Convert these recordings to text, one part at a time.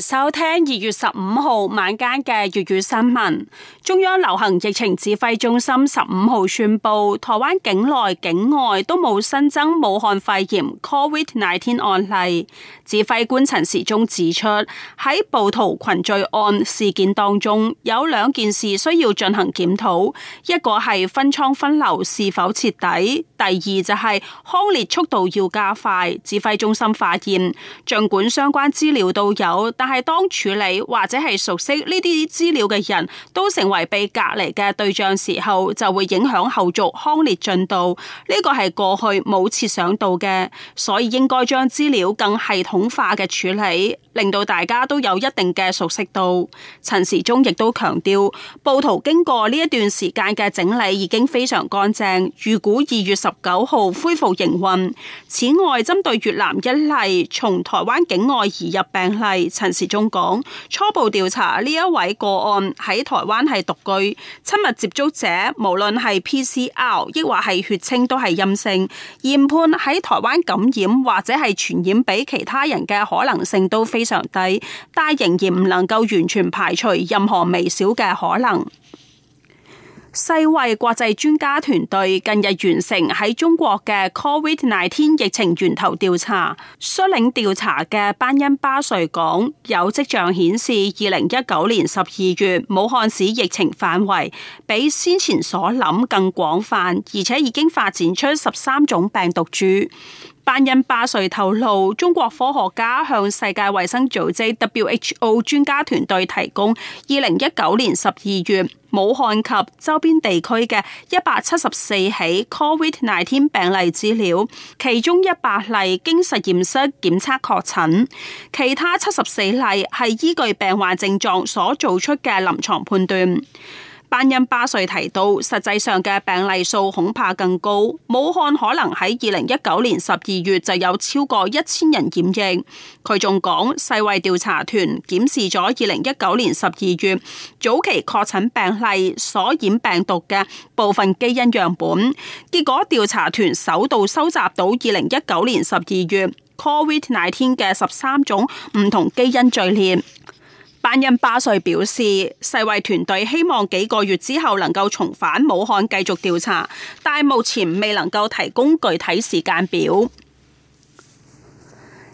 收聽二月十五號晚間嘅粵語新聞。中央流行疫情指揮中心十五號宣布，台灣境內、境外都冇新增武漢肺炎 COVID-19 案例。指揮官陳時中指出，喺部桃群聚案事件當中，有兩件事需要進行檢討：一個係分艙分流是否徹底；第二就係匡列速度要加快。指揮中心發現，儘管相關資料都有，但係當處理或者係熟悉呢啲資料嘅人都成為被隔離嘅對象時候，就會影響後續匡列進度。呢個係過去冇設想到嘅，所以應該將資料更系統化嘅處理，令到大家都有一定嘅熟悉度。陳時中亦都強調，部桃經過呢一段時間嘅整理已經非常乾淨，預估二月十九號恢復營運。此外，針對越南一例從台灣境外移入病例，陳。始終講，初步調查呢一位個案喺台灣係獨居，親密接觸者無論係 PCR 亦或係血清都係陰性，研判喺台灣感染或者係傳染俾其他人嘅可能性都非常低，但仍然唔能夠完全排除任何微小嘅可能。世衛國際專家團隊近日完成喺中國嘅 Covid 19疫情源頭調查。率領調查嘅班恩巴瑞講，有跡象顯示，二零一九年十二月武漢市疫情範圍比先前所諗更廣泛，而且已經發展出十三種病毒株。班恩巴瑞透露，中國科學家向世界衛生組織 （WHO） 專家團隊提供二零一九年十二月武漢及周邊地區嘅一百七十四起 COVID-19 病例資料，其中一百例經實驗室檢測確診，其他七十四例係依據病患症狀所做出嘅臨床判斷。班恩巴瑞提到，實際上嘅病例數恐怕更高。武漢可能喺二零一九年十二月就有超過一千人染疫。佢仲講，世衛調查團檢視咗二零一九年十二月早期確診病例所染病毒嘅部分基因樣本，結果調查團首度收集到二零一九年十二月 Covid nineteen 嘅十三種唔同基因序列。班恩巴瑞表示，世衛團隊希望幾個月之後能夠重返武漢繼續調查，但目前未能夠提供具體時間表。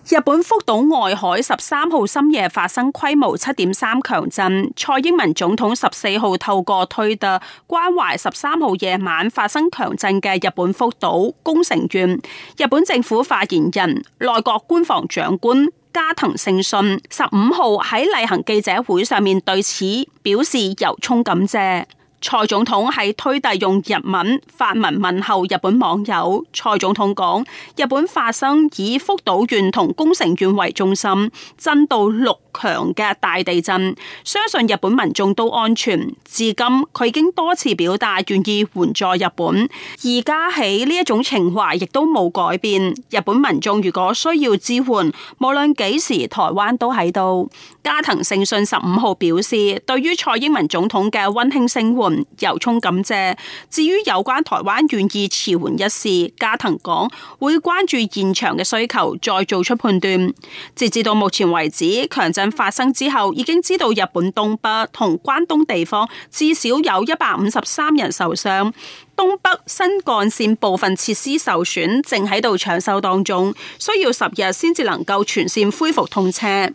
日本福島外海十三號深夜發生規模七點三強震，蔡英文總統十四號透過推特關懷十三號夜晚發生強震嘅日本福島宮城縣。日本政府發言人、內閣官房長官，加藤勝信十五號喺例行記者會上面對此表示由衷感謝。蔡總統喺推特用日文發文問候日本網友。蔡總統講：日本發生以福島縣同宮城縣為中心、震度六強嘅大地震，相信日本民眾都安全。至今佢已經多次表達願意援助日本，而家起呢一種情懷亦都冇改變。日本民眾如果需要支援，無論幾時，台灣都喺度。加藤勝信十五號表示，對於蔡英文總統嘅溫馨聲援。由衷感謝。至於有關台灣願意馳援一事，加藤講會關注現場嘅需求，再做出判斷。截至到目前為止，強震發生之後，已經知道日本東北同關東地方至少有一百五十三人受傷。東北新幹線部分設施受損，正喺度搶修當中，需要十日先至能夠全線恢復通車。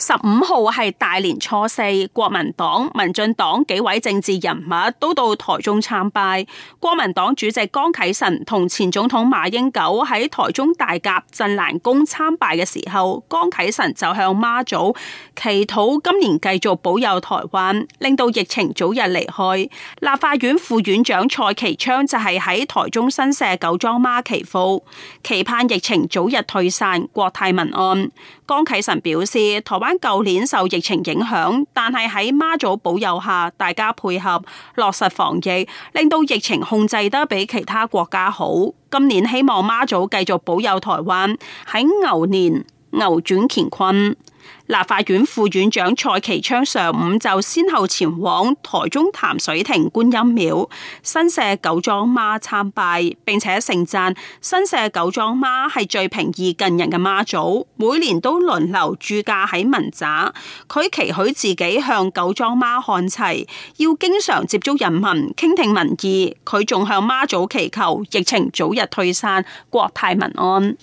十五號係大年初四，國民黨、民進黨幾位政治人物都到台中參拜。國民黨主席江啟臣同前總統馬英九喺台中大甲鎮瀾宮參拜嘅時候，江啟臣就向媽祖祈禱，今年繼續保佑台灣，令到疫情早日離去。立法院副院長蔡其昌就係喺台中新社九莊媽祈福，期盼疫情早日退散，國泰民安。江啟臣表示，台灣。舊年受疫情影響，但係喺媽祖保佑下，大家配合，落實防疫，令到疫情控制得比其他國家好。今年希望媽祖繼續保佑台灣，喺牛年牛轉乾坤。立法院副院長蔡其昌上午就先後前往台中潭水亭觀音廟、新社九莊媽參拜，並且盛讚新社九莊媽係最平易近人嘅媽祖，每年都輪流駐駕喺民宅。佢期許自己向九莊媽看齊，要經常接觸人民，傾聽民意。佢仲向媽祖祈求疫情早日退散，國泰民安。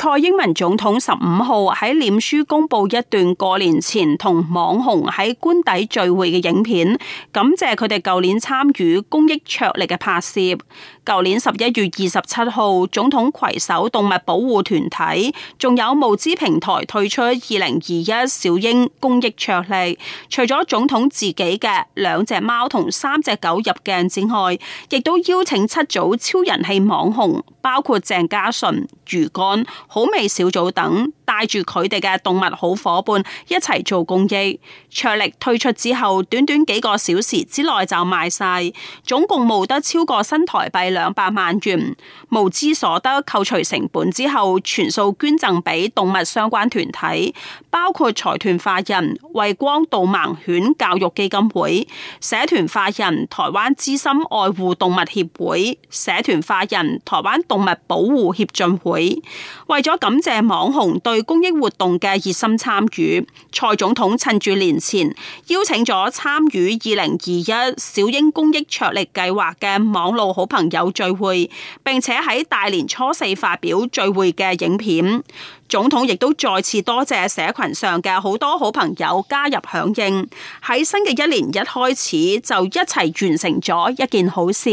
蔡英文總統十五號喺臉書公布一段過年前同網紅喺官邸聚會嘅影片，感謝佢哋舊年參與公益桌曆嘅拍攝。舊年十一月二十七號，總統攜手動物保護團體，仲有募資平台推出二零二一小英公益桌曆，除咗總統自己嘅兩隻貓同三隻狗入鏡之外，亦都邀請七組超人氣網紅，包括鄭家純、魚乾、好味小組等。帶住佢哋嘅動物好夥伴一齊做公益。桌曆推出之後，短短幾個小時之內就賣晒，總共募得超過新台幣兩百萬元，募資所得扣除成本之後，全數捐贈俾動物相關團體，包括財團法人惠光導盲犬教育基金會、社團法人台灣之心愛護動物協會、社團法人台灣動物保護協進會，為咗感謝網紅對公益活動嘅熱心參與，蔡總統趁住年前邀請咗參與二零二一小英公益桌曆計劃嘅網路好朋友聚會，並且喺大年初四發表聚會嘅影片。總統亦都再次多謝社群上嘅好多好朋友加入響應，喺新嘅一年一開始就一齊完成咗一件好事。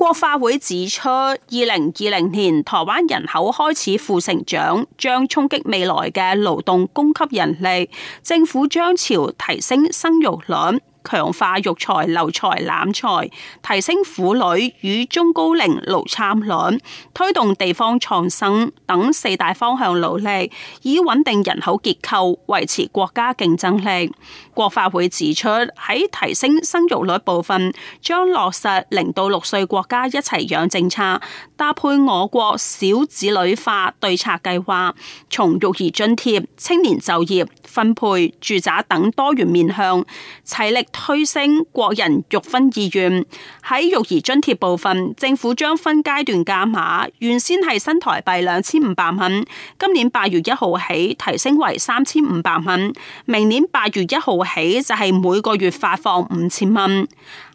國發會指出，二零二零年台灣人口開始負成長，將衝擊未來嘅勞動供給人力，政府將朝提升生育率。強化育才、留才、攬才，提升婦女與中高齡勞參率，推動地方創生等四大方向努力，以穩定人口結構，維持國家競爭力。國發會指出，喺提升生育率部分，將落實零到六歲國家一齊養政策。搭配我國少子女化對策計劃，從育兒津貼、青年就業分配、住宅等多元面向齊力推升國人育婚意願。喺育兒津貼部分，政府將分階段加碼，原先係新台幣兩千五百蚊，今年八月一號起提升為三千五百蚊，明年八月一號起就係每個月發放五千蚊。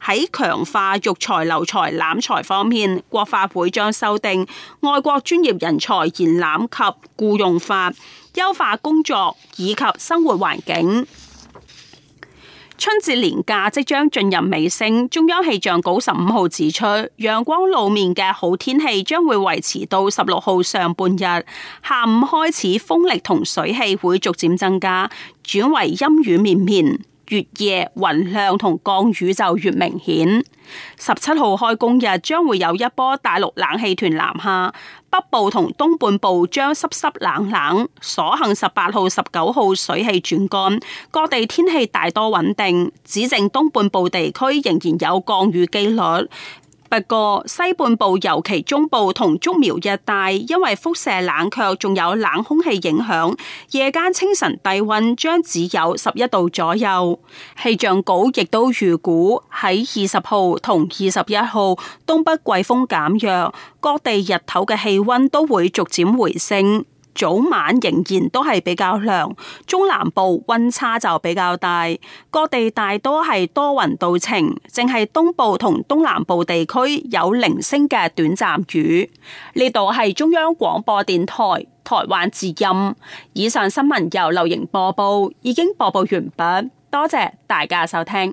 喺強化育才、留才、攬才方面，國法會將。修訂外國專業人才延攬及僱用法，優化工作以及生活環境。春節年假即將進入尾聲，中央氣象局十五號指出，陽光露面嘅好天氣將會維持到十六號上半日，下午開始風力同水氣會逐漸增加，轉為陰雨綿綿。越夜雲量同降雨就越明顯，十七號開工日將會有一波大陸冷氣團南下，北部同東半部將濕濕冷冷。所幸十八號十九號水汽轉乾，各地天氣大多穩定，只剩東半部地區仍然有降雨機率。不過西半部，尤其中部同竹苗一帶，因為輻射冷卻，仲有冷空氣影響，夜間清晨低溫將只有十一度左右。氣象局亦都預估喺二十號同二十一號，東北季風減弱，各地日頭嘅氣溫都會逐漸回升。早晚仍然都係比較涼，中南部溫差就比較大，各地大多係多雲到晴，淨係東部同東南部地區有零星嘅短暫雨。呢度係中央廣播電台台灣之音，以上新聞由劉瑩播報，已經播報完畢，多謝大家收聽。